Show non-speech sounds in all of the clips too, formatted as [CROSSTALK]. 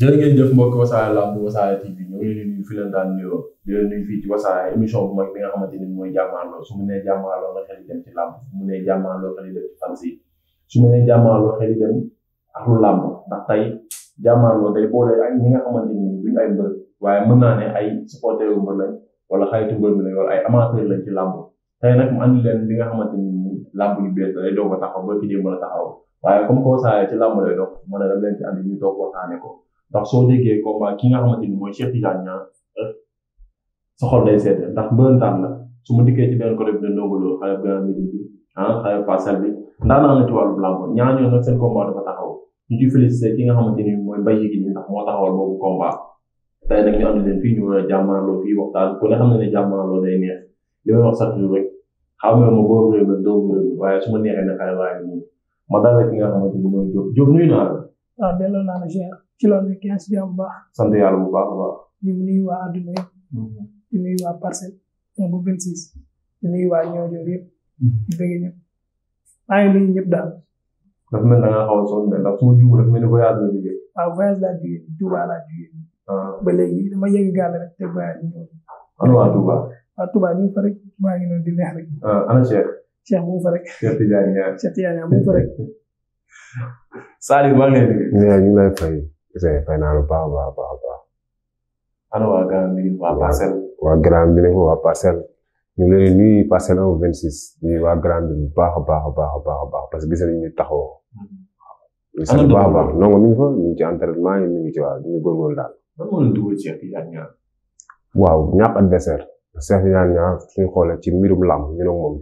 jërë ngeen jëf mbokk wasaare làmb wasaare TV ñoo ngi leen daan nuyoo di leen nuyu fii ci wasaare émission bu mag bi nga xamante ni mooy jàmmaarloo su mu nee jàmmaarloo la xel yi dem su mu nee jàmmaarloo xel yi dem ci dem ak lu làmb ndax tey jàmmaarloo day boole ak ñi nga xamante ni duñ ay mbër waaye mën naa ne ay supporter yu mbër lañ wala xaritu mbër mi lañ wala ay amateur lañ ci làmb tey nag mu andi leen li nga xamante ni làmb yu bees day doog a taxaw ba ki démb ci làmb lay ma ne ko ndax soo déggee combat ki nga xamante mooy Cheikh Tidiane Niang euh, sa xol sedd ndax mbëntaan la su ma dikkee ci benn côté bi ne Ndongo Lo xale bu gën ah, ñaañoo nag seen combat dafa taxaw ñu ci félicité ki nga xamante ni mooy Mbaye Yékini ndax moo taxawal boobu combat tey nag ñu ànd leen fii ñu war a jàmmaarloo fii waxtaan ku ne xam ne jàmmaarloo day neex li may wax sax xaw ma ma boobu réew mi doomu waaye su ma neexee ne xale waaye nii ma daal ki nga waaw delloo naa la ziar ci loolu nekk yaa ngi si jàmm bu baax. sant yàlla bu baax a baax. di nuyu waa àdduna yëpp. Mm-hmm. di nuyu waa parcelle. ñoom bu 26. di nuyu waa Niodior yëpp. Mm-hmm. di bëgg ñëpp. maa ngi nuyu ñëpp daal. dafa mel ne da ngaa xaw a sonn de ndax su ma juumul dafa mel ni voyage la jógee. waaw voyage laa jógee Touba laa jógee. Ah. ba léegi dama yegg gaal rek te voyage ñëw. ana waa Touba. waa Touba ñu ngi fa rek maa ngi noonu di neex rek. Ah, ana Cheikh. Cheikh mu ngi fa rek. Cheikh Tidiane Niang. Cheikh Tidiane Niang mu ngi fa rek. Saliou maa ngi lay dégg. ñu lay fay. fay lu baax baax a baax baax. ana waa Grand Médine waa parcelle waa Grand Médine waa Parcelles. ñu ngi leen di nuyu Parcelles un vingt six nuyu waa Grand Médine bu baax a baax a baax a baax parce que gis nañu ñu taxawoo. ana hmm. baax a baax non mi ngi fa mi ngi ci entraînement mi ngi ci waaw ñu ngi góorgóorlu daal. lan moo leen dugal ci ak Yaya Niang. waaw ñàkk adversaire. Cheikh Yaya Niang suñu xoolee ci mbirum làmb ñu ne moom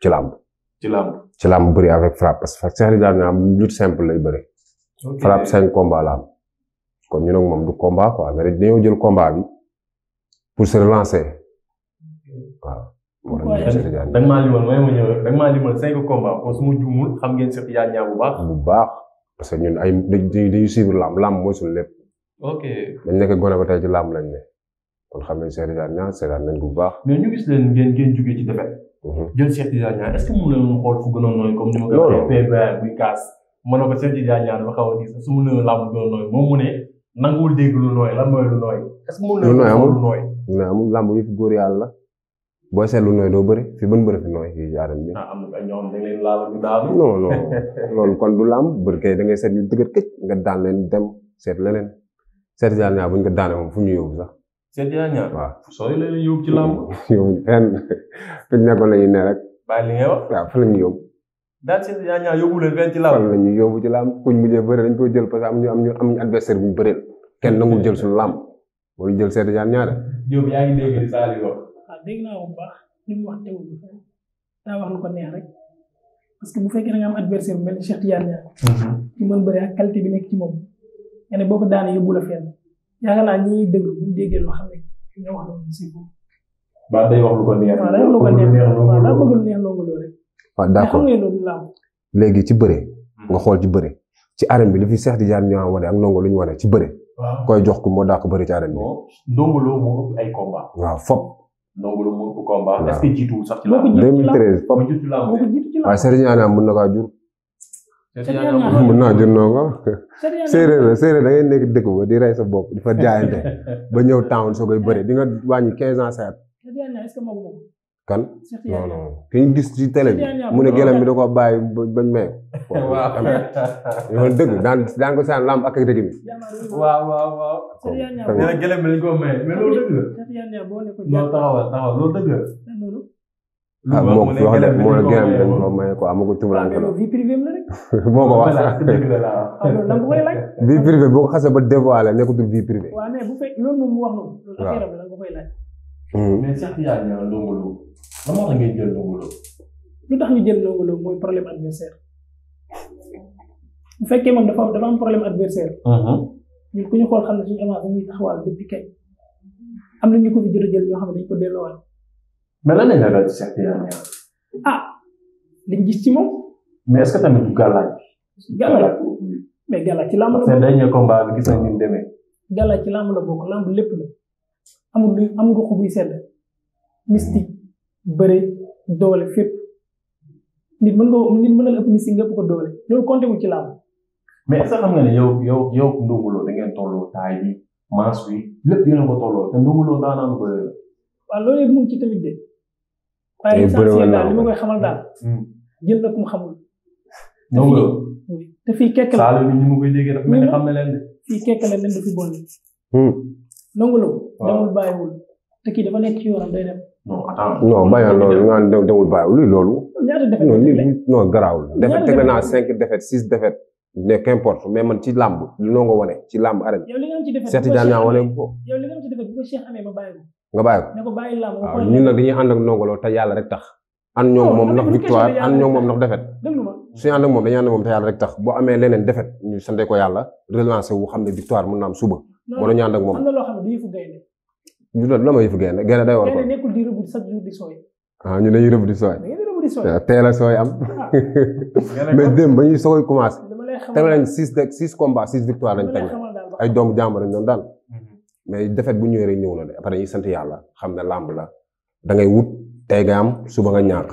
ci làmb. ci làmb ci làmb bëri avec frappe parce que Cheikh Tidiane Niang lutte simple lay bëri. frappe cinq combat la kon ñu nag moom du combat quoi mais dañoo jël combat bi pour se relancer waaw. mooy da parce que ñun ay dañ nekk gone ba tey ci làmb lañ ne kon xam ngeen Cheikh Tidiane bu baax. Mhm. jël Cheikh Tidiane Niang est-ce que a mu làmb yi góor yàlla la booy seet lu nooy doo bëri fi bën bëri ah, loolu kon du làmb bëri da ngay seet ñu dëgër këj nga daan leen dem seet leneen Cheikh Tidiane Niang bu ñu ko daane moom fu ñu yóbbu sax seet yaa ñaar waaw soo leen la ne rek. la ñuy yóbbu. daal seet yaa ñaar yóbbu leen fenn ci làmb. yóbbu ci làmb kuñ mujjee bëri dañ koy jël parce ñu mm-hmm. jël suñu làmb wala jël seet yaa ñaar. Diop yaa ah, mu am adversaire bu mel ni Cheikh Tidiane Niang. Mm-hmm. ñu mën bëri ak qualité bi nekk ci moom nga boo ko daanee yóbbu la fenn yaakaar naa ñiy déglu léegi ci bëre. Hmm. nga xool ci bëre. ci arène bi li fi Cheikh Tidiane ñoo waree ak Ndongo lu ñu wane ci bëre. koy jox ko moo daa bëre ci arène bi. Ndongo Lo moo waaw fop. Ndongo Lo moo ëpp combat. est na kaa jur. mën naa jur noongo séeréer la séeréer da ngay nekk dëkk di rey sa bopp di fa jaayante [LAUGHS] ba ñëw town soo koy bëree di nga wàññi quinze ans seet kan non non ki gis ci télé mu ne gelam bi da ko bàyyi bañ may ko [LAUGHS] loolu dëgg daan daan ko ak ak ah, ah [LAUGHS] moo ko fi wax de moo la gërëm [LAUGHS] ah, ko maye quoi amagu la vie vie privée boo ko xasee ba dévoilé fekkee loolu moom mu wax la nga koy laaj hmm. lu tax ñu jël Ndongo Lo mooy problème adversaire bu fekkee moom dafa dafa am problème adversaire uh-huh. ñun ku ñu xool xam ne suñu avance dañuy taxawal depuis kañ am na ñu ko fi jot a mais lan lañ ragal ci Cheikh Tidiane Niass. ah liñ gis ci moom. mais que tamit du gàllaaj. gàllaaj mais ci làmb la. seen dernier combat bi ci làmb la bokk làmb lépp la amul lu amul ruq buy sedd mystique bëre doole fépp nit mën nga nit na la ëpp mystique nga ko doole loolu compté wul ci làmb. tolloo taay bi maas lépp yéen a ko tolloo te Ndongo Lo daanaan bëre la. waaw loolu yëpp mu ngi ci tamit de. waaye essentiel daal li ma koy xamal daal. Mm. jël te fii kekk la Saalum ma koy déggee dafa mel ni xam na leen de. fii kekk la leen dafa bon. la demul dafa nekk ci yoonam day dem. garaawul. defet teg naa cinq defet six defet. ne qu'importe mais ci làmb noo nga wane ci làmb arène. yow li nga ci defet bu ko Cheikh amee ma bàyyi ko. nga bàyyi ko waaw ñun nag dañuy ànd ak ndongoloo te yàlla rek tax ànd ñoom moom ndax victoire ànd ñoom moom ndax defet suñu ànd ak moom dañuy ànd ak moom te yàlla rek tax boo amee leneen defet ñu sante ko yàlla relancé wu xam ne victoire mën na am suba moo dañu ànd ak moom du la ma yëfu gaynde gaynde day war ko ah, ñu dañuy rëbb di sooy teel a sooy am ah. [LAUGHS] mais démb ba ñuy sooy commencé teg lañ six de six combats six victoire lañ teg ay doomu jàmbur lañ doon daan mais défaite bu ñëwee rek ñëw na de après ñu sant yàlla xam ne làmb la da ngay wut tey nga suba nga ñàkk.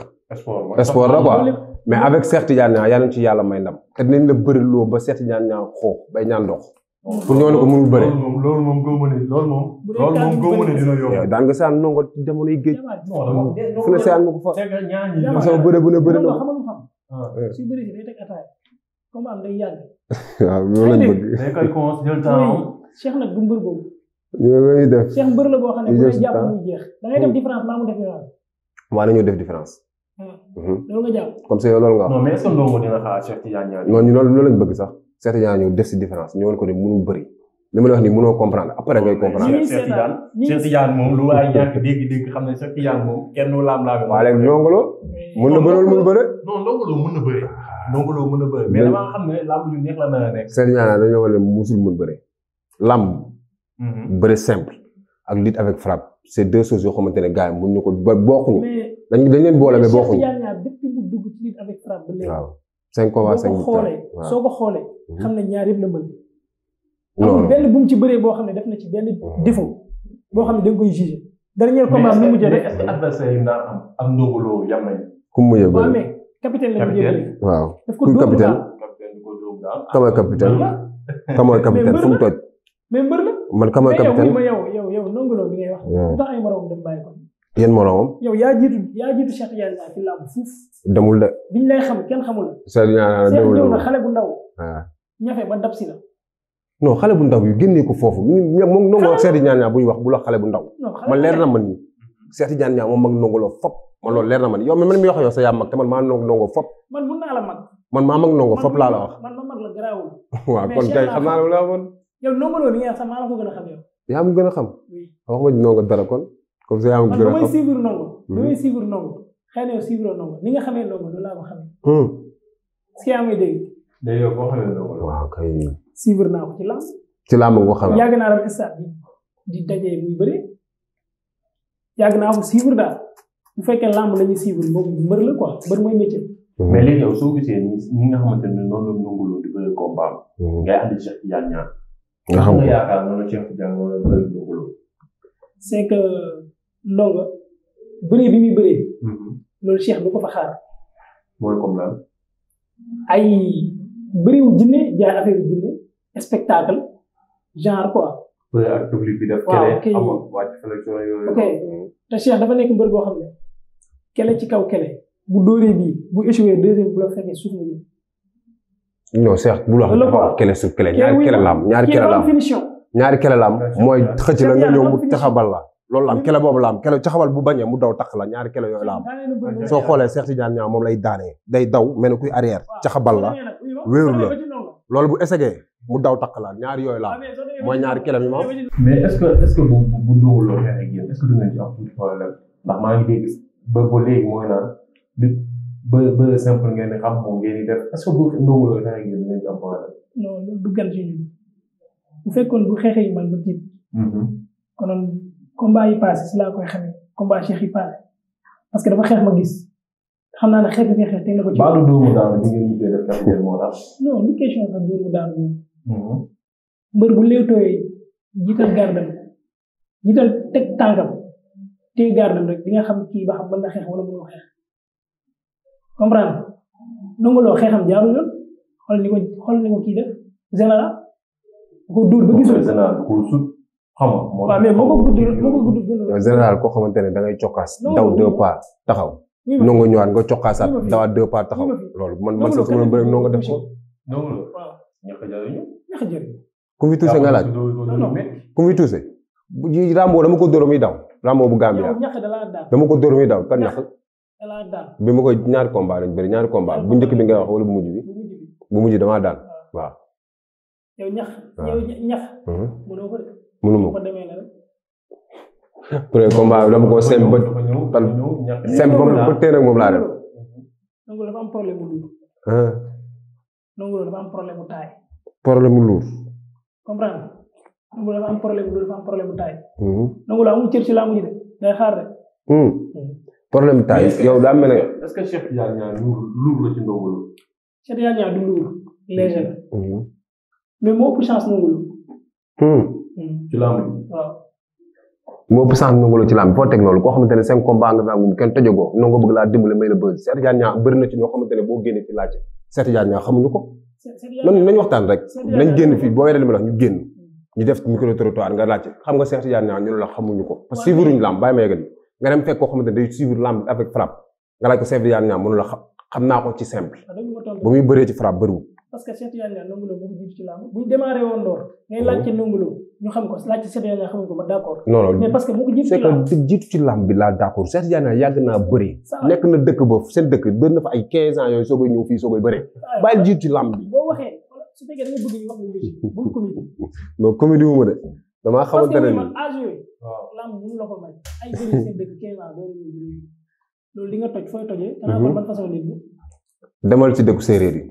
sport la quoi mais avec Cheikh Tidiane Niang yàlla ci yàlla may ndam te dinañ la bëri loo ba Cheikh Tidiane Niang xoo bay ñaan ndox. pour ñooñu ko mënul bëre. daan nga saan nongo jamono géej. Hmm. fu ne saan nga ko fa. [LAUGHS] yooyu la ñuy def Cheikh mbër hmm. hmm. hmm. loolu nga jàpp. bëgg sax Cheikh Tidiane ñëw def si différence ñëwoon ko ne mënul bëri li na bëre mën na bëre. Ndongo na bëre mais damaa xam ne làmb ju neex la nar nekk. Cheikh Tidiane dañoo war a Mm-hmm. bëre simple ak lutte avec frappe c'est deux choses yoo xamante ne gars yi ñu ko ba bokkuñu. dañ mu dugg ko xoolee. Mm-hmm. xam la mën. amul benn bu mu ci bëree boo xam ne def na ci benn mm-hmm. défaut boo xam ne da koy jugé. dernier combat mu mujjee rek mais ku mujjee bëri waaw ku capitaine. capitaine capitaine ah, kamay capitaine fu toj. mais mbër la man ka ma capitaine mais yow yow yow nanguloo dem bàyyi ko. yéen demul de. biñ lay xam kenn xamul. Cheikh Ndiaye na xale bu ndaw. Ah. bi génnee foofu moom nongo ak Cheikh bu ñu wax bu la xale bu ndaw man leer na man ni Cheikh Tidiane Niang moom mag man loolu leer na man yow man mi wax yow sa yaa mag nongo fop man mun naa la mag man maa mag nongo fop laa la wax [LAUGHS] kon kay xam naa la woon yow nombre bi nga xam maa la ko gën a xam yow. yaa ma gën a xam. wax ma nongo dara kon. comme ça yaa ma gën a xam man damay suivre hmm. ko xamee. Hmm. yaa may dégg. mais yow boo xamee nongo. waaw kay. suivre naa ko ci làmb. ci làmb nga ko xamee. yàgg naa dem stade ko suivre daal bu fekkee làmb c'est que ndongo bi muy bëree. Mm-hmm. loolu cheikh bu ko fa xaar. mooy comme lan. ay bëriwu jinne jaar genre quoi. bëri ak def. waaw kele amoon wàcc sélection dafa nekk mbër boo xam ne. kele ci kaw kele bu dóoree bii bu échoué deuxième bu la fekkee suuf na non certes bu la wax kele su kele ñaari kele am ñaari kele la ñaari kele la mooy xëcc la nga mu taxabal la loolu la am kele boobu la am kele caxabal bu bañee mu daw takk la ñaari kele yooyu laam soo xoolee Cheikh Tidiane Niang moom lay daanee day daw mel ni kuy arrière caxabal la wéeru la loolu bu essayé mu daw takk la ñaari yooyu la ah, mooy ñaari kele mi ma ba ba simple ngeen di xam moom ngeen di def est que bu ndongoloo xeex ak yéen ngeen ci am problème. non loolu fekkoon bu xeexee man ba tiit. Mm-hmm. konoon combat yi que dafa xeex ma gis xam naa ne xeex bi nga xeex te na ko. ci baalu doomu daanu di ngeen mujjee def kàddu yàlla moo tax. non lu question mm-hmm. jiital gardam jiital teg tànkam téye gardam rek di nga xam kii ba xam mën na xeex wala mënul xeex. comprendre Ndongo Lo xeexam jaarul yoon xool ni ko kii def général ko duur ba gisul général nga mais koo xamante ne da ngay daw deux taxaw Ndongo ñëwaat nga cokkaasaat dawaat deux taxaw loolu man man sax sama bëri Ndongo def ko Ndongo fi tuuse nga laaj ku fi tuuse Rambo dama ko dóor muy daw Rambo bu Gambia dama ko dóor muy daw kan ñàkk bi ma koy ñaari combat lañ bëri ñaari combat bu njëkk bi ngay wax wala bu mujj bi bu mujj damaa daan waaw. yow ñax yow ñax. Mhm. mënoo ko de. mënuma ko premier combat bi dama ko sem ba tan sem ba teel ak moom laa dem. nangu dafa am problème mu luur. nangu dafa am problème mu taay. problème mu luur. comprendre nangu dafa am problème mu luur dafa am problème mu taay. Mhm. nangu la amul cër ci laa mujj de day xaar rek. problème taay yow daa mel ne. est-ce que Cheikh Tidiane Niang luur la ci Ndongo Lo. Cheikh Tidiane Niang du luur léger la. Mhm. mais moo ëpp chance Ndongo Lo. Hmm. Hmm. ci lamb waaw. moo ëpp chance Ndongo Lo ci lamb foo teg loolu koo xamante ne seen combat nga fi ak moom kenn tojogoo Ndongo bëgg laa dimbali may la bëgg Cheikh Tidiane Niang bëri na ci ñoo xamante ne boo génnee ci laajte Cheikh Tidiane Niang xamuñu ko. nañ nañ waxtaan rek nañ génn fii boo yoree li ma la wax ñu génn hmm. ñu def micro trottoir nga laajte xam nga Cheikh Tidiane Niang ñu la xamuñu ko parce que suivre ñu lamb bàyyi ma yegali nga dem fekk koo xamante ne day suivre lamb avec frappe nga laaj ko la xam xam naa ko ci simple. Ah, muy bëree ci frappe bëriwul. parce que ah. laaj xam ko laaj ci Cheikh parce que mu ci lamb bi laa d' accord Cheikh Tidiane Niang yàgg naa bëri. nekk na dëkk ba seen dëkk bëri na fa ay 15 ans yooyu soogay ñëw fii soogay bëree. Ah, bàyyi jiitu ci lamb boo waxee su fekkee da nga bëgg ñu wax la [LAUGHS] de damaa xamante ne man âge mhm. demal ci dëkku séeréer yi.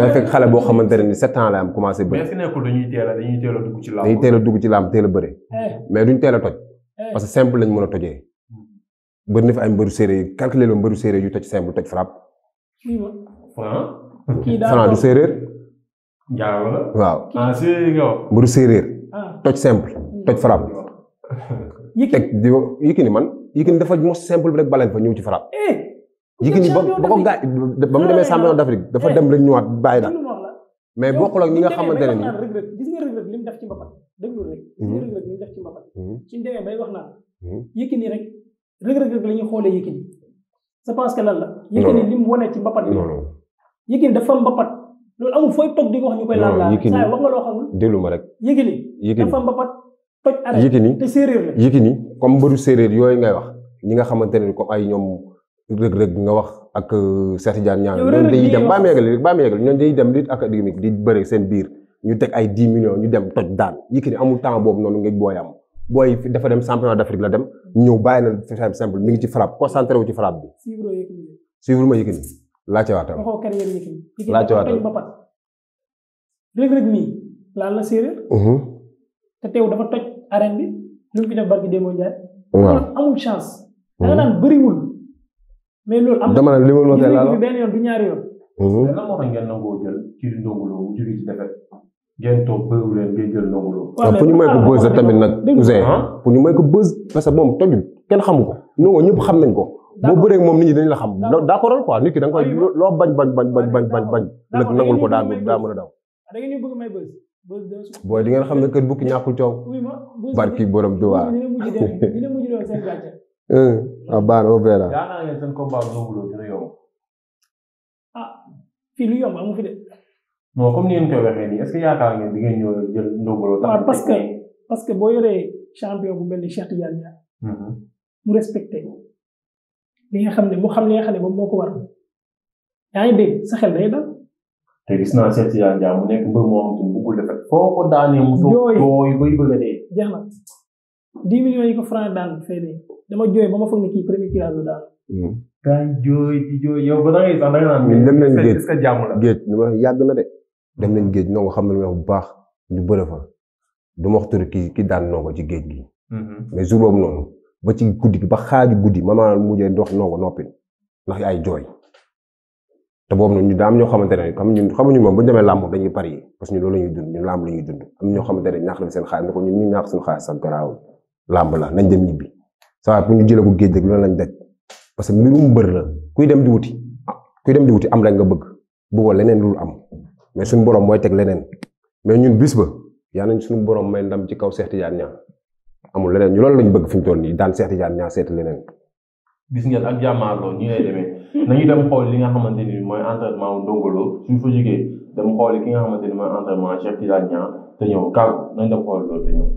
da fekk xale boo xamante ne ni sept ans la am commencé bëri. mais fi nekkul dañuy teel dugg ci lamb. dañuy teel a dugg ci lamb teel eh. mais duñ teel a toj. Eh. parce que simple lañ mën a tojee. Hmm. bëri na fi ay mbëru séeréer yi calculer la mbëru séeréer yu toj simple toj frappe. kii du séeréer. waaw. mbëru séeréer Ah. toj simple hmm. toj frappe. [LAUGHS] teg di man Yékini dafa mos simple bi rek baleen fa ñëw ci frappe. Eh, yékini ba ba ko gaay ba mu demee ah. champion d'Afrique dafa eh. dem rek ñëwaat bàyyi na mais boo ak ñi nga xamante ne nii. gis nga rëg rëg def ci mbapat déglu rek. Hmm. ci mbapat. Hmm. suñu demee bay wax rek rek la ñuy xoolee Yékini. je pense la. Yékini li mu wane ci mbapat bi. Yékini dafa mbapat. loolu amul fooy toog di ma rek Yékini. Yékini dafa mbapat toj arrêt. comme mbëru séeréer yooyu ngay wax ñi nga xamante ne comme ay ñoom rëg-rëg nga wax ak euh, Cheikh Tidiane Niang ñoom dañuy dem baa meegal rek baa meegal ñoom dañuy dem lutte académique di bëre seen biir ñu teg ay 10 millions ñu dem toj daan Yékini amul temps boobu noonu nga booy am booy dafa dem championnat d'Afrique la dem ñëw bàyyi na simple mi ngi ci frappe concentré wu ci frappe bi suivre ma Yékini laajtewaatal waxoo carrière Yékini. laajtewaatal ba pat Reug Reug nii laal na séeréer. Mhm. te teew dafa toj arène bi lu mu fi def barki Demba Ndiaye. waaw amul chance. da nga mhm. naan bëriwul. mais loolu am dama ne li ma la waxee laal benn yoon du ñaari yoon. Mhm. mais lan moo tax ngeen nangoo jël ci Ndongo Lo mu jógee ci defet ngeen toog bëriwul leen ngeen jël Ndongo Lo. waaw ah, pour ñu may ko buzz tamit nag Ouzin ah? pour ñu may ko buzz parce que moom tojul kenn xamu ko Ndongo ñëpp xam nañ ko. boo bëree moom nit ñi dañ la xam d'accord quoi nit ki da koy loo bañ bañ bañ bañ bañ bañ bañ nag nangul ko a daw booy di ngeen xam ne kër bukki ñàkkul coow barki borom duwaa [LAUGHS] euh, ah baan ah, ah, que boo yoree champion li nga xam ne mu xam li xam ne moom moo ko war yaa mu mu a dee. jeex na hmm. géej yàgg na de. dem nañ géej noo xam ne lu bu baax ñu bëre fa du ma wax tur daan noo ci géej gi. Hmm. mais jour boobu noonu. ba ci guddi bi ba xaaju guddi maman mujjee ndox nongo noppi ndax ay jooy te boobu noonu ñu daam ñoo xamante ne comme xamuñu moom ba ñu demee làmb moom dañuy parier parce que ñun loolu la ñuy dund ñun làmb la ñuy dund am ñoo xamante ne nañ seen xaalis ne ko ñun ñu dem jëlee ko géej rek loolu lañ daj parce que mbirum mbër la kuy dem di wuti ah kuy dem di wuti am rek nga bëgg bëggoo leneen lu am mais suñu borom mooy teg leneen mais ñun bis ba yaa nañ suñu borom may ndam ci kaw Cheikh Tidiane Niang amul leneen ñu loolu lañ bëgg fi mu toll nii daan seeti jaan ñaa seeti leneen. gis ngeen ak jàmmaarloo ñu lay demee nañu dem xool li nga xamante ni mooy entraînement wu Ndongo Lo suñ fa jógee dem xool ki nga xamante ni mooy entraînement Cheikh Tidiane Niang te ñëw kàggu nañ dem xool loolu te ñëw.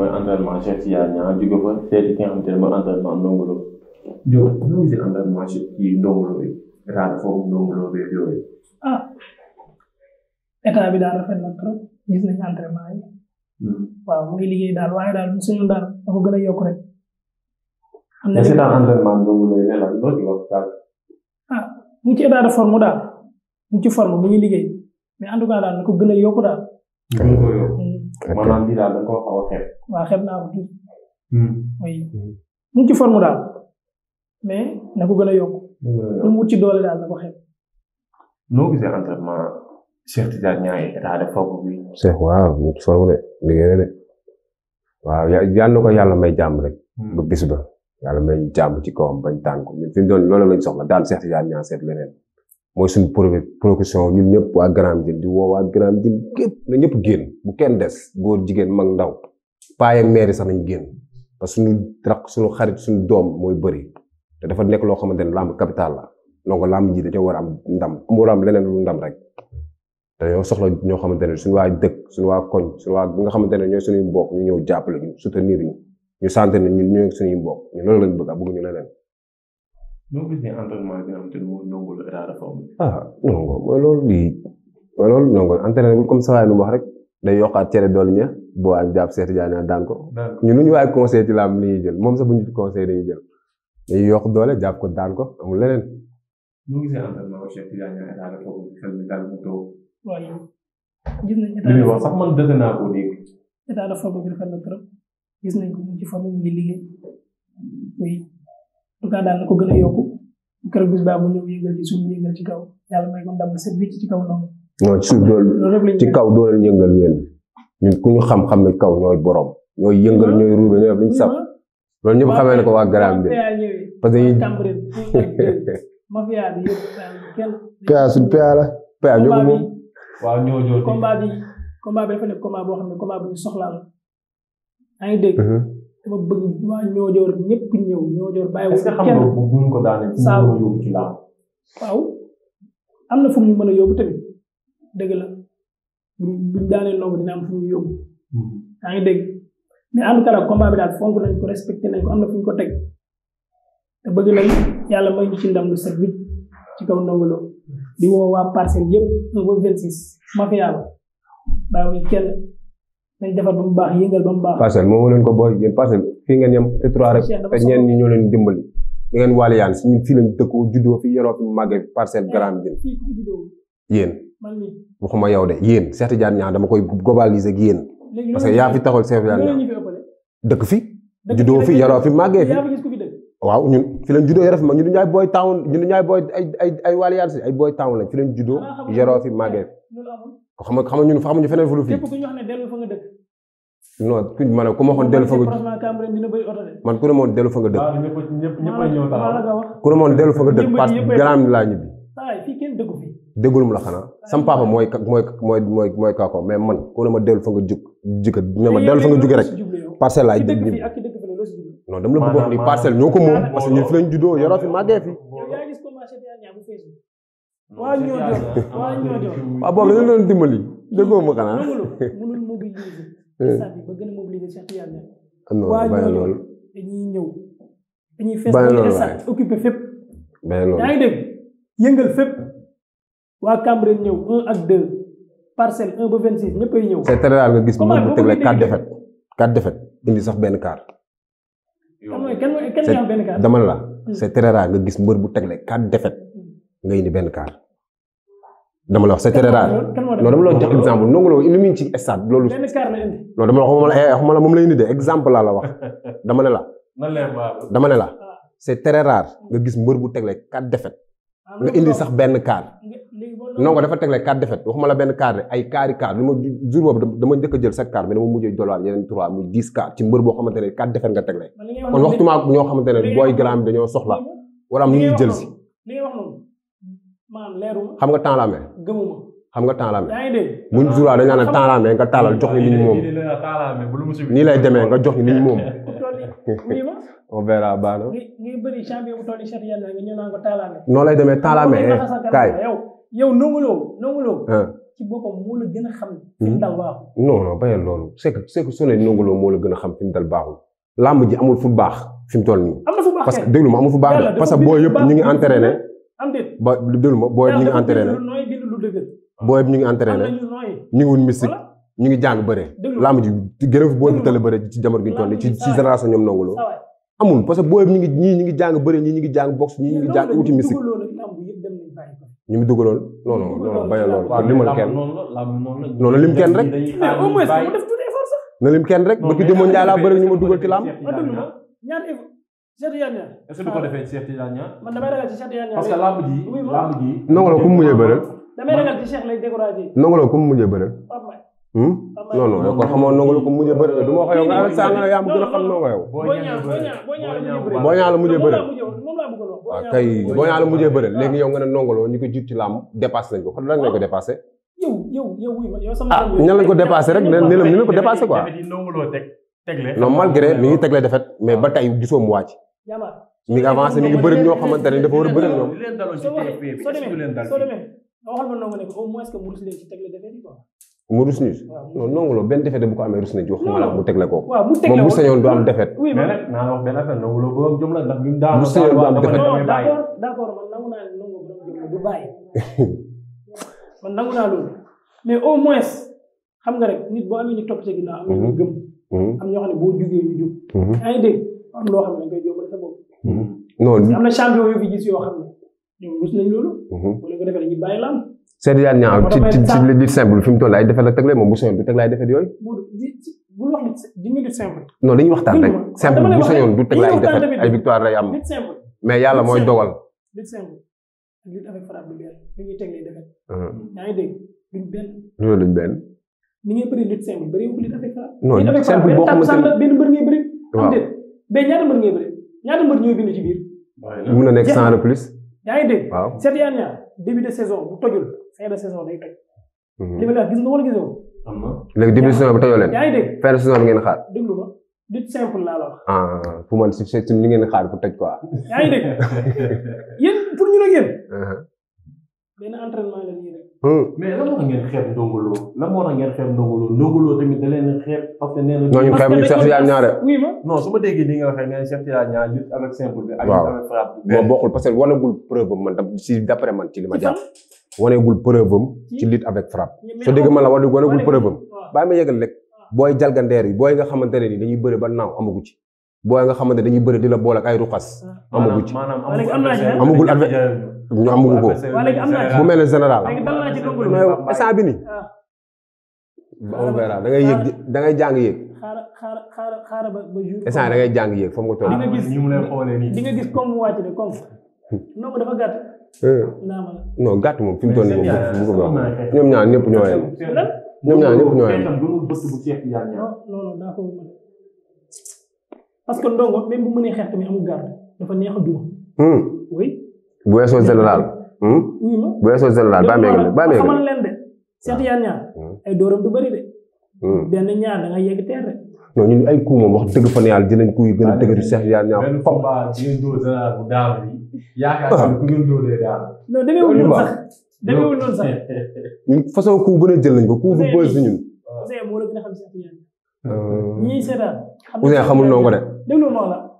mooy entraînement Cheikh Tidiane Niang jóge fa seeti ki nga xamante ne mooy entraînement Ndongo Lo Diop ñoo gisee entraînement yi Ndongo Lo bi état foofu Ndongo Lo bi yooyu ah état bi daal rafet na trop hmm. gën a yokk rek am ci wax daal ah, mu ci état de forme mu liggéey mais en tout daal na ko gën a yokk daal maanaam lii a naa ko tuuti. Hmm. Hmm. mu ngi ci forme daal mais na ko gën a yokku. lu mu wut ci doole daal na ko xeeb. noo gisee entraînement Cheikh Tidiane Niang état de forme bi. Cheikh waaw mu ngi ci forme de de waaw yal na ko yàlla may jàmm rek. Hmm. ba bis ba yàlla may jàmm ci kawam ba tànku ñun fi mu doon loolu lañ soxla daal Cheikh Tidiane Niang seet leneen. mooy suñu production ñun ñëpp waa Grand Médine di woo waa Grand Médine gépp na ñëpp génn bu kenn des góor jigéen mag ndaw paaye meeri sax nañ génn parce que suñu rakk suñu xarit suñu doom mooy bëri te dafa nekk loo xamante ne làmb capital la donc làmb ji dañoo war am ndam amul am leneen lu ndam rek te ñoo soxla ñoo xamante ne suñu waa dëkk suñu waa koñ suñu waa bi nga xamante ne ñooy suñuy mbokk ñu ñëw jàppale ñu soutenir ñu ñu sante ne ñun ñooy suñuy mbokk ñu loolu lañ bëgg a ñu leneen noo gisee mooy loolu lii mooy loolu Ndongo entraîné comme saa nu wax rek day yokkaat cere doole ña boo ak jàpp seeti jaay daan ko. ñun lu ñu waaye conseil ci laam li ñuy jël moom sax bu ñu conseil dañuy jël dañuy yokk doole jàpp ko daan ko amul leneen. daal ko ci forme bi tout cas daal na ko gën a yokku keroog bis baa mu ñëw yëngal ci suuf yëngal ci kaw yàlla may ko ndam set wicc ci kaw noonu. non ci suuf doole ci kaw doo leen yëngal yéen ñun ku ñu xam-xam ne kaw ñooy borom ñooy yëngal ñooy ruube ñooy luñ saf loolu ñëpp xamee na ko waa garaam bi parce que [LAUGHS] mafia la. PA ñoo moom. waaw ñoo ñoo combat bi bi dafa nekk combat boo la. yaa ngi dama bëgg waa ñoojoor ñëpp ñëw ñoojoor bàyyi wu kenn buñ ko daane saa yóbbu ci laa am na fu mu mën a yóbbu tamit dëgg la buñ daanee longu dina am fu mu yóbbu hmm. yaa ngi dégg mais en tout cas combat bi daal fonk nañ ko respecté nañ ko am na fu ko teg te bëgg nañ yàlla may ñu ci ndam lu set bi ci kaw Ndongo di woo waa parcelle yëpp un ba vingt six mafia la bàyyi nañ defar ba mu baax leen ko booy yéen parcelle fii ngeen yem te trois rek te ñeen ñi ñoo leen dimbali. di ngeen waale yaan si ñun fii lañ dëkku juddoo fi yoroo fi màggee parcelle eh, grande yow de yéen Cheikh Tidiane dama koy globaliser ak parce que yaa fi taxul Cheikh dëkk fi. juddoo fi yoroo fi màggee fi. waaw ñun fi leen juddoo yoroo fi mag ñu du booy town ñu du ñaay ay ay ay booy town lañ fi leen juddoo yoroo fi màggee fi eh, xam nga xam nga ñun fa amuñu feneen fu fii. képp ku ñu wax ne dellu ku ma ne ku ma dellu fa nga. man ku ne ma woon dellu fa nga dëkk. waaw a ñëw taxaw. ku dellu fa nga dëkk parce laa ñibbi. waaw fii la xanaa sam papa mooy mooy mooy mooy mooy kaako mais man ku ne ma dellu fa nga jug jikka ne ma dellu fa nga juge rek parcelle laay ñibbi non dama la bëgg wax ni parcelle ñoo ko moom parce que ñun fi lañ juddoo yoroo fi màggee fi waa ñoo doon waa ñoo doon. waaw boobu la ñu doon dimbali déggoo ma xanaa. mënul mobiliser. [LAUGHS] Eh. a mobiliser ah, dañuy ñëw. dañuy fees dañuy stade occupé fépp. mais nga gis moom bu tegle 4 défaites 4 défaites sax benn quart. dama la hmm. c'est très rare nga gis mbër bu tegle 4 défaites. nga indi benn kaar dama la wax c'est très rare non dama la jox loolu ci stade loolu. non dama la wax waxuma eh, moom la indi de exemple laa la wax [LAUGHS] dama ne la. dama ne la ah. c'est très rare nga gis mbër bu tegle quatre défaites ah, nga indi sax benn kaar nongo dafa tegle quatre defet waxuma la benn kaar de ay kaari kaar lu ma jour boobu dama jëkk jël sa kaar mais dama mujjee dolwaat yeneen trois mu dix kaar ci mbër boo xamante ne quatre défaites nga tegle kon waxtu maa ñoo xamante ne booy grand bi dañoo soxla wala am ñuy jël si xam nga temps la amee. xam nga temps la amee. yaa ngi dañ naan temps nga taalal jox ñu li moom. nii lay demee nga jox ñu li ñu moom. [LAUGHS] [LAUGHS] lay demee temps la amee eh, kaay. yow nangu loo nangu moo la gën a xam. fi mu hmm. dal baaxul. loolu c'est que soo nee nangu moo la gën a xam fi dal baaxul. làmb ji amul fu baax fi mu toll nii. am déglu ma amul fu baax parce que boo yëpp ñu ngi entraîné am déet ba déglu ma booy ñu ngi entraîné booy ñu ngi entraîné ñu ngi wut mystique ñu ngi jàng bëre. làmb ji gën a booy bu ci jamono gi ñu toll ci ci génération ñoom nanguloo amul parce que ñu ngi ñii ñu ngi jàng bëre ñii ñu ngi jàng boxe ñii ñu ngi jàng wuti mystique. ñu ngi dugaloon non non non bañ a loolu. waaw li mu kenn non lim kenn rek. na lim kenn rek ba ki demoon Ndiaye laa bëre ñu ma dugal ci làmb Cheikh Tidiane Niang. est-ce que du ko defee Cheikh Tidiane Niang. man damay ragal ci Cheikh Tidiane Niang. parce que lamb ji lamb ji. nongolo ku mu mujjee bëre. damay ragal ci Cheikh lay découragé. nongolo ku mu mujjee bëre. non non kon xamoo nongolo ku mu mujjee bëre du ma wax yow nga Alex Sangare yaa ma gën a xam nongo yow. boo ñaax boo ñaax la mujjee bëre. waaw kay boo ñaax la mujjee bëre léegi yow nga ne nongolo ñu ko jig ci lamb dépassé nañ ko kon lan lañ ko dépassé. yow yow yow sama. ah ñan lañ ko dépassé rek ne ne ko dépassé quoi. non malgré mi ngi tegle defet mais ba tey gisoo mu wàcc mi ngi avancé mi ngi bëri ñoo xamante ne dafa war a bëri ñoom. soo demee waxal ma nangu mu rus leen ci benn defet bu ko amee rus na ci wax mu teg la ko. waaw mu teg la ko moom bu sañoon du am defet. oui mais nangu daa. bu sañoon du am [LAUGHS] defet naa loolu mais au moins xam nga rek nit boo amee ñu topp sa ginnaaw. am na ñu gëm. Mhm. Mhm. am jugee ñu jug. Mhm. yaa ngi am loo xam mhm. na champion yu fi gis yoo xam ne ñoom gis nañ mhm. ci ci ci simple fi mu toll ay defet la teg moom bu soñoon du teg laay defet yooyu. bu wax di dañuy waxtaan rek simple bu soñoon du teg laay defet ay victoire lay am. mais yàlla mooy dogal. lutte loolu mhm. benn. ni simple bëri wu lutte simple benn mbër ngay bëri. waaw mais ñaata mbër ngay bëri ñaata mbër ñooy bind ci biir. mun na nekk cent de plus. yaa ngi dégg. waaw seet yaa ñaar début de saison bu tojul fin de saison day toj. Mhm. li ma la gis nga wala gisoo. am na saison bi tojoo leen. yaa de saison bi ngeen xaar. déglu ma du simple laa la wax. ah pour man si si li ngeen xaar pour toj quoi. yaa ngi dégg [LAUGHS] pour ñu la yéen. Uh-huh. benn entraînement la nii rek. Hmm. mais lan moo tax ngeen xeeb Ndongo Lo lan moo tax ngeen xeeb Ndongo su ma déggee li nga waxee ne Cheikh Tidiane Niang lutte avec simple bi. ak lutte avec frappe bi. moo bokkul parce que wanagul preuve am man si d' après man ci li ma jàpp. wanagul preuve am ci lutte avec frappe. soo déggee man la wanagul preuve am bàyyi ma yëgal rek booy jalgandeer yi booy nga xamante ne ni dañuy bëre ba naaw amagu ci booy nga xamante dañuy bëre di la boole ak ay ruxas ah. amagu ci amagul adversaire ñu amagu ah. jàng yëg. xaaral xaaral xaaral ba ba [LAUGHS] dafa gàtt. Euh. non gàtt moom fi mu toll moom ko wax ñoom ñaar ñëpp ñoo yem. dafa neex a duma. Hmm. oui. bu weesoo général. bu weesoo général ba meeg ba meeg xamal leen de seet ah. yaa ñaar hmm. ay dóoram du bëri de. teer hmm. de. non ñun ay coup moom wax fa ne yàlla dinañ coup yu gën a dëgëru seet yaa ñaar. benn combat ngeen dóor général bu daal ku ngeen dóoree daal. non nañ ko coup bu bës a xam euh. seet yaa ñaar. de.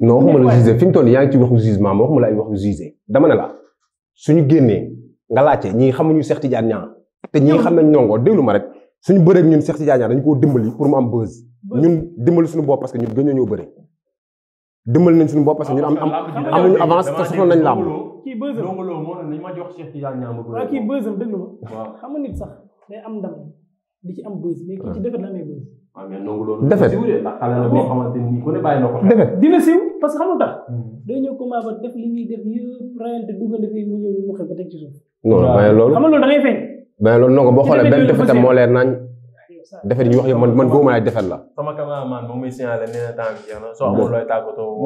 non waxuma la jugé fi mu toll nii yaa ngi ci waxu jugement ma waxuma la ay waxu jugé dama ne la suñu génnee nga laajte ñii xamuñu Cheikh Tidiane Niang te ñii xam nañ ñongo déglu ma rek suñu bëreeg ñun Cheikh Tidiane Niang dañu koo dimbali pour mu am buzz ñun dimbali suñu bopp parce que ñun gën ñoo bëre dimbali nañ suñu bopp parce que am am amuñu avance te soxla nañ làmb kii bëzam ma jox Cheikh Tidiane Niang waaw ah, kii bëzam déglu ma nit sax day am ndam di ci am buzz mais kii ci ah. defet la ah, defet parce que xam nga tax. Hmm. ba def li muy def yëpp rayante ba loolu xam nga loolu da ngay loolu non boo xoolee benn defetam moo leer nañ. Ah, defet yi ñu wax yow man man góobaay defet la. sama cameraman moom muy signalé nee na temps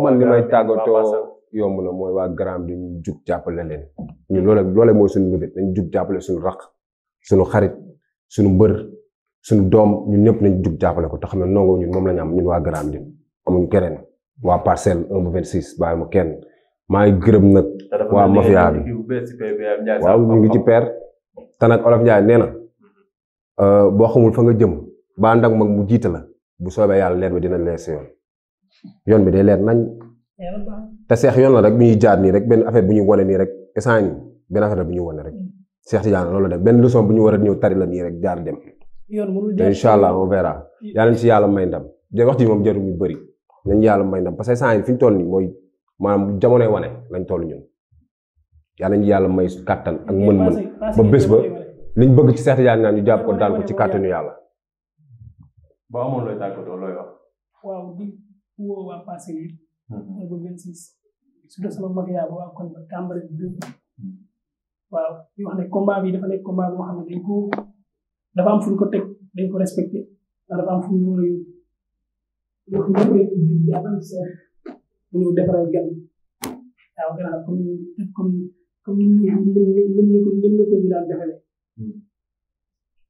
man li may tàggatoo yomb na mooy waa Garaam bi ñu jug jàppale leen. ñu loolee loolee mooy suñu mbébét nañ jug jàppale suñu raq suñu xarit suñu mbër suñu doom ñun ñëpp nañ jug jàppale ko te xam ne nongo ñun moom la ñu am ñun waa Garaam bi amuñ na waa parcelle 1 ba ma kenn maa ngi gërëm nag. waa mafia bi waaw ñu ngi ci per. te nag Olof Ndiaye nee na mhm. euh, boo xamul fa nga jëm ba ànd mag mu jiite la bu soobee yàlla leer bi dina leer si yoon yoon bi day leer nañ. te seex yoon la rek bi ñuy jaar nii rek benn affaire bu ñuy wane nii rek instant yii benn affaire bu ñuy wane rek seex mhm. Tijaan loolu def benn leçon bu ñu war a ñëw tari la nii rek jaar dem. yoon mënul jaar incha allah on ci yàlla may ndam de wax ji moom jarul ñu bëri. nañ yàlla may ndam parce que saa yi fi ñu toll nii mooy maanaam jamonoy wane lañ toll ñun yàlla nañ yàlla may kàttan ak mën-mën ba bés ba liñ bëgg ci Cheikh Tidiane Niang ñu jàpp ko daan ko ci kàttanu yàlla. ba amoon looy tàggatoo looy bi hmm. hmm. waaw di wax ne bi dafa xam ne dafa am fu ko teg dañ ko respecté donc ñoom ñooy jàppale seen ñu defaral gan waaw gannaaw comme comme ni ñu ko ni ñu ko daan defalee hmm.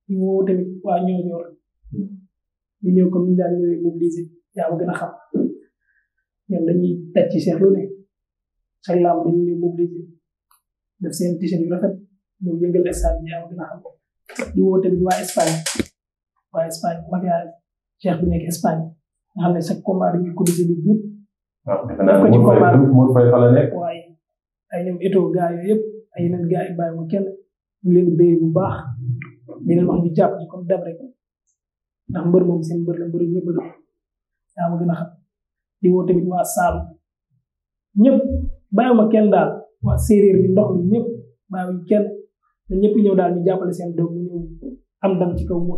ñu woo tamit hmm. ñu ñëw comme ni ñu daan ñëwee mobiliser yaa gën a xam ñoom dañuy tàcc ci seex lu ne chaque lamb dañuy ñëw mobiliser def seen t-shirt yu rafet ñëw waa Espagne waa Espagne mag yaa Cheikh bi Espagne. nga xam ne sa combat dañuy cotiser lu dul. waaw defe waaye ay ñoom Eto gaa yooyu yëpp ay yeneen mu kenn ñu leen di bu baax di leen wax ñu jàpp ci la mbër ñëpp la yaa ma gën a xam di kenn daal waa séeréer bi ndox mi ñëpp bàyyiwuñ kenn te ñëpp ñëw daal ñu jàppale seen doom ñu am ndam ci kaw mu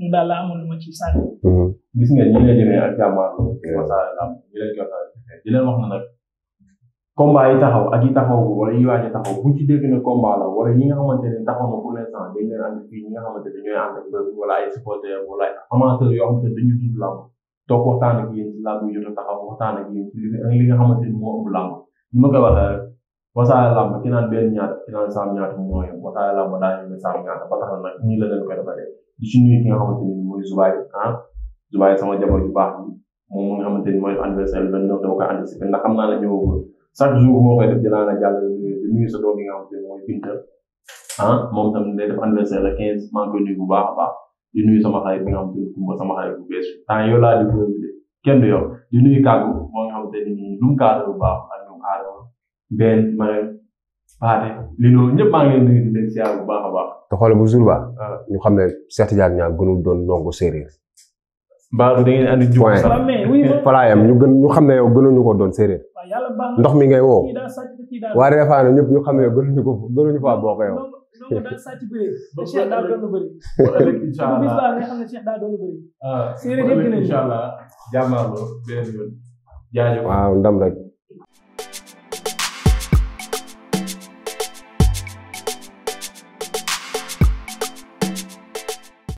ñu daal la amoon lu ma ci sànni. Mm-hmm. gis ngeen ñi leen di ak jàmbaarloo Wassare Lamb ñi leen jot di leen wax na nag combat yi taxaw ak yi taxaw wala yi waaj a taxaw buñ ci dégg ne combat la wala ñi nga xamante ne taxaw na pour l'instant dañ leen ànd fii ñi nga xamante ne ñooy ànd ak mbër wala ay supporters wala ay amateurs yoo xamante ne dañuy dund làmb toog waxtaan ak yéen ci làmb yi jot a taxaw waxtaan ak yéen ci li nga xamante ni moo ëpp làmb ni ma koy waxee rek Wassare Lamb ki naan benn ñaar ki naan saam ñaar ñoo yem Wassare Lamb daa ñu ne saam ñaar ba tax na nag nii la leen koy defaree di ci nuyu ki nga xamante mooy Zubaay ah Zubaay sama jabar bu baax bi moom mu nga mooy anniversaire ndax xam naa la ñëwagul chaque jour moo la ah, moom tamit day def anniversaire la 15 maa ngi koy baax a baax di nuyu sama xarit bi nga xamante ni sama xarit bu bees bi temps yow laa kenn du di nuyu kàggu moo nga xamante ni baax ak ñoom aadama benn a baax. te xoolal bu jour ba. Ah. ñu xam ne Cheikh Tidiane Niang gënul doon ndongo séeréer. Mbaaru da ñu gën xam ne yow gënuñu ko doon séeréer. ndox mi ngay woo. waa Réfane ñëpp ñu xam ne yow gënuñu faa bokk yow. [LAUGHS] Ah, waaw ndam rek.